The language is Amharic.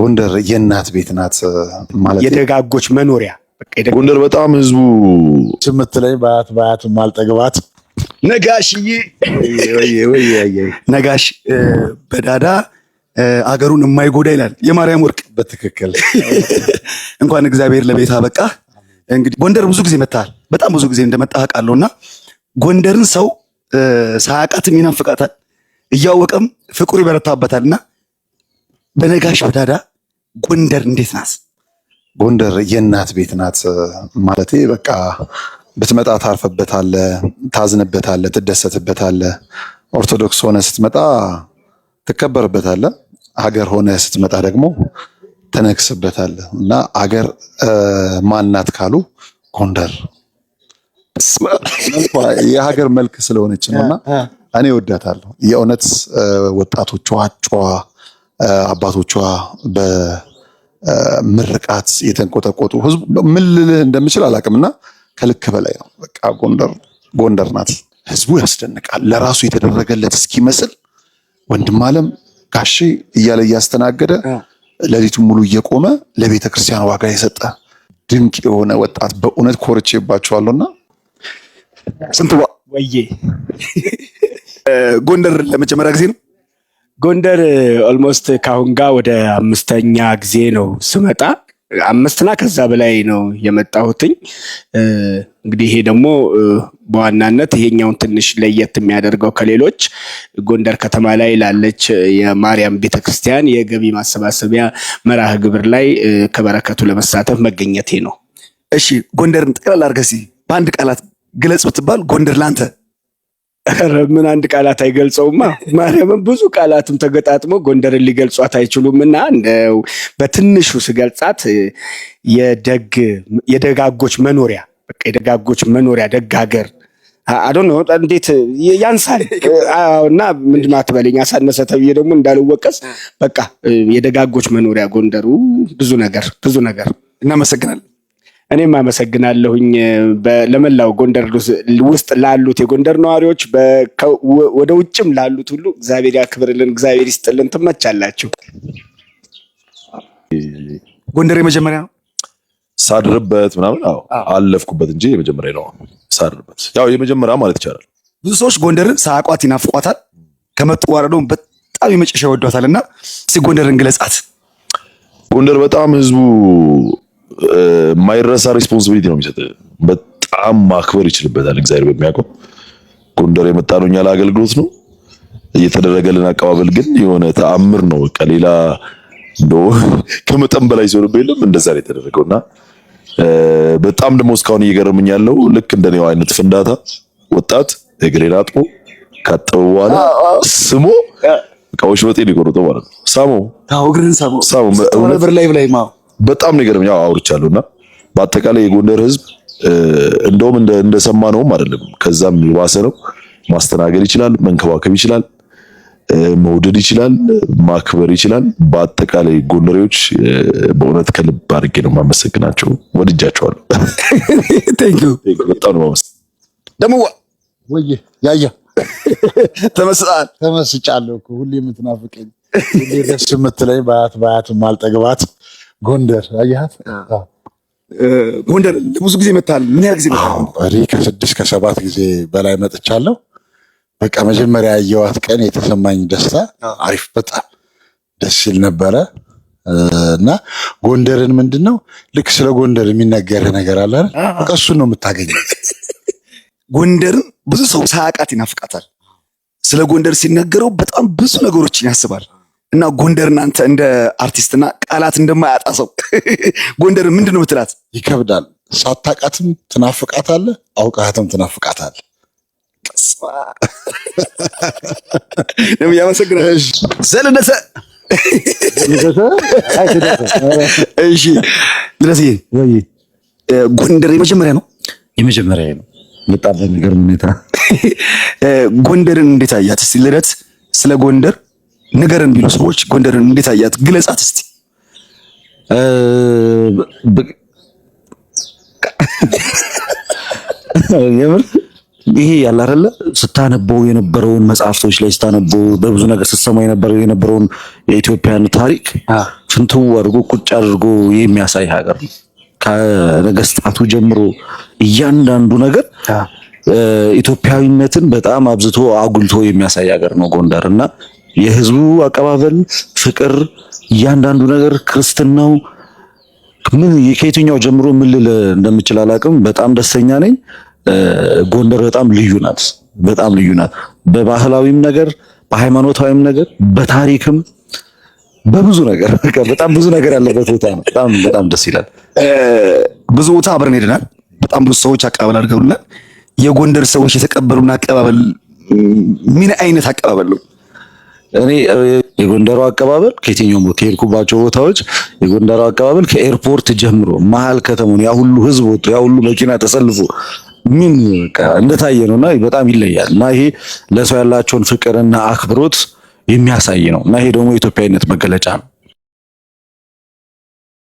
ጎንደር የእናት ቤት ናት ማለት የደጋጎች መኖሪያ ጎንደር በጣም ህዝቡ ስምትለኝ በአያት በአያት ማልጠግባት ነጋሽዬ ነጋሽ በዳዳ አገሩን የማይጎዳ ይላል የማርያም ወርቅ። በትክክል እንኳን እግዚአብሔር ለቤት አበቃ። እንግዲህ ጎንደር ብዙ ጊዜ መጥተሃል፣ በጣም ብዙ ጊዜ እንደመጣ አውቃለሁ። እና ጎንደርን ሰው ሳያውቃትም ይናፍቃታል፣ እያወቀም ፍቅሩ ይበረታበታል እና በነጋሽ በዳዳ ጎንደር እንዴት ናት? ጎንደር የእናት ቤት ናት ማለት በቃ ብትመጣ ታርፈበታለ፣ ታዝንበታለ፣ ትደሰትበታለ። ኦርቶዶክስ ሆነ ስትመጣ ትከበርበታለ። ሀገር ሆነ ስትመጣ ደግሞ ትነግስበታለ። እና አገር ማናት ካሉ ጎንደር የሀገር መልክ ስለሆነች ነው። እና እኔ ወዳታለሁ የእውነት ወጣቶቿ ጨዋ አባቶቿ በምርቃት የተንቆጠቆጡ ህዝቡ ምን ልልህ እንደምችል አላቅም እና ከልክ በላይ ነው። በቃ ጎንደር ጎንደር ናት። ህዝቡ ያስደንቃል። ለራሱ የተደረገለት እስኪመስል ወንድም አለም ጋሼ እያለ እያስተናገደ ሌሊቱን ሙሉ እየቆመ ለቤተ ክርስቲያን ዋጋ የሰጠ ድንቅ የሆነ ወጣት በእውነት ኮርቼባችኋለሁና ስንት ወዬ ጎንደር ለመጀመሪያ ጊዜ ነው ጎንደር ኦልሞስት ከአሁን ጋር ወደ አምስተኛ ጊዜ ነው ስመጣ አምስትና ከዛ በላይ ነው የመጣሁትኝ። እንግዲህ ይሄ ደግሞ በዋናነት ይሄኛውን ትንሽ ለየት የሚያደርገው ከሌሎች ጎንደር ከተማ ላይ ላለች የማርያም ቤተክርስቲያን የገቢ ማሰባሰቢያ መርሃ ግብር ላይ ከበረከቱ ለመሳተፍ መገኘቴ ነው። እሺ ጎንደርን ጠቅላላ አድርገህ በአንድ ቃላት ግለጽ ብትባል ጎንደር ላንተ ኧረ ምን አንድ ቃላት አይገልጸውማ። ማርያምን ብዙ ቃላትም ተገጣጥሞ ጎንደርን ሊገልጿት አይችሉም። እና በትንሹ ስገልጻት የደግ የደጋጎች መኖሪያ በቃ የደጋጎች መኖሪያ ደግ ሀገር አዶ ነው እንዴት ያንሳል እና ምንድን ነው አትበለኝ፣ አሳነሰ ተብዬ ደግሞ እንዳልወቀስ በቃ የደጋጎች መኖሪያ ጎንደሩ ብዙ ነገር ብዙ ነገር እናመሰግናለን። እኔም አመሰግናለሁኝ ለመላው ጎንደር ውስጥ ላሉት የጎንደር ነዋሪዎች ወደ ውጭም ላሉት ሁሉ እግዚአብሔር ያክብርልን፣ እግዚአብሔር ይስጥልን። ትመቻላችሁ። ጎንደር የመጀመሪያ ነው ሳድርበት ምናምን አዎ አለፍኩበት እንጂ የመጀመሪያ ነው ሳድርበት። ያው የመጀመሪያ ማለት ይቻላል። ብዙ ሰዎች ጎንደርን ሳያቋት ይናፍቋታል፣ ከመጡ በኋላ ደግሞ በጣም የመጨረሻ ይወዷታል። እና እስኪ ጎንደርን ግለጻት። ጎንደር በጣም ህዝቡ ማይረሳ ሪስፖንሲቢሊቲ ነው የሚሰጥ። በጣም ማክበር ይችልበታል። እግዚአብሔር በሚያውቀው ጎንደር የመጣ ነው እኛ ለአገልግሎት ነው። እየተደረገልን አቀባበል ግን የሆነ ተአምር ነው። በቃ ሌላ ከመጠን በላይ ሲሆንብህ የለም እንደዛ ነው እና በጣም ደግሞ እስካሁን እየገረመኝ ያለው ልክ እንደኔው አይነት ፍንዳታ ወጣት እግሬን አጥቦ ካጠበ በኋላ ስሞ እቃዎች በጤን ሊቆርጠው ማለት ነው። ሳሞ እግርን ሳሞ ሳሞ በጣም ነው የገረመኝ። ያው አውርቻለሁና በአጠቃላይ የጎንደር ህዝብ እንደውም እንደሰማነውም አይደለም፣ ከዛም የባሰ ነው። ማስተናገድ ይችላል፣ መንከባከብ ይችላል፣ መውደድ ይችላል፣ ማክበር ይችላል። በአጠቃላይ ጎንደሬዎች በእውነት ከልብ አድርጌ ነው የማመሰግናቸው። ወድጃቸዋለሁ። በጣም ነው ደግሞ ወይ ያያ ተመስጣል ተመስጫለሁ። ሁሌ የምትናፍቀኝ ሁሌ ደስ የምትለኝ በአያት በአያት ማልጠግባት ጎንደር አያት ጎንደር ብዙ ጊዜ መታል። ምን ያህል ጊዜ መታል? ከስድስት ከሰባት ጊዜ በላይ መጥቻለሁ። በቃ መጀመሪያ ያየዋት ቀን የተሰማኝ ደስታ አሪፍ፣ በጣም ደስ ሲል ነበረ። እና ጎንደርን ምንድን ነው ልክ ስለ ጎንደር የሚነገርህ ነገር አለ በቃ እሱን ነው የምታገኘው። ጎንደርን ብዙ ሰው ሳያውቃት ይናፍቃታል። ስለ ጎንደር ሲነገረው በጣም ብዙ ነገሮችን ያስባል። እና ጎንደር እናንተ እንደ አርቲስትና ቃላት እንደማያጣ ሰው ጎንደር ምንድን ነው ምትላት? ይከብዳል። ሳታቃትም አለ፣ አውቃትም ትናፍቃታለ። ያመሰግናል። እሺ፣ ጎንደር የመጀመሪያ ነው የመጀመሪያ ነው። በጣም በሚገርም ሁኔታ ጎንደርን እንዴት አያት? ልደት ስለ ጎንደር ንገረን ቢሉ ሰዎች ጎንደርን እንዴት አያት? ግለጻት እስቲ። የምር ይሄ ያለ አይደለ ስታነበው የነበረውን መጽሐፍቶች ላይ ስታነበው በብዙ ነገር ስትሰማ የነበረው የነበረውን የኢትዮጵያን ታሪክ ፍንትው አድርጎ ቁጭ አድርጎ የሚያሳይ ሀገር ነው። ከነገስታቱ ጀምሮ እያንዳንዱ ነገር ኢትዮጵያዊነትን በጣም አብዝቶ አጉልቶ የሚያሳይ ሀገር ነው ጎንደር እና የህዝቡ አቀባበል፣ ፍቅር፣ እያንዳንዱ ነገር ክርስትናው ምን ከየትኛው ጀምሮ ምን ልል እንደምችል አላቅም። በጣም ደስተኛ ነኝ። ጎንደር በጣም ልዩ ናት፣ በጣም ልዩ ናት። በባህላዊም ነገር፣ በሃይማኖታዊም ነገር፣ በታሪክም በብዙ ነገር በጣም ብዙ ነገር ያለበት ቦታ ነው። በጣም በጣም ደስ ይላል። ብዙ ቦታ አብረን ሄደናል። በጣም ብዙ ሰዎች አቀባበል አድርገውልናል። የጎንደር ሰዎች የተቀበሉን አቀባበል ምን አይነት አቀባበል ነው? እኔ የጎንደሩ አቀባበል ከየትኛውም ከሄድኩባቸው ቦታዎች የጎንደሩ አቀባበል ከኤርፖርት ጀምሮ መሀል ከተማውን ያ ሁሉ ህዝብ ወጥቶ ያ ሁሉ መኪና ተሰልፎ ምን እንደታየ ነው እና በጣም ይለያል እና ይሄ ለሰው ያላቸውን ፍቅርና አክብሮት የሚያሳይ ነው እና ይሄ ደግሞ የኢትዮጵያዊነት መገለጫ ነው።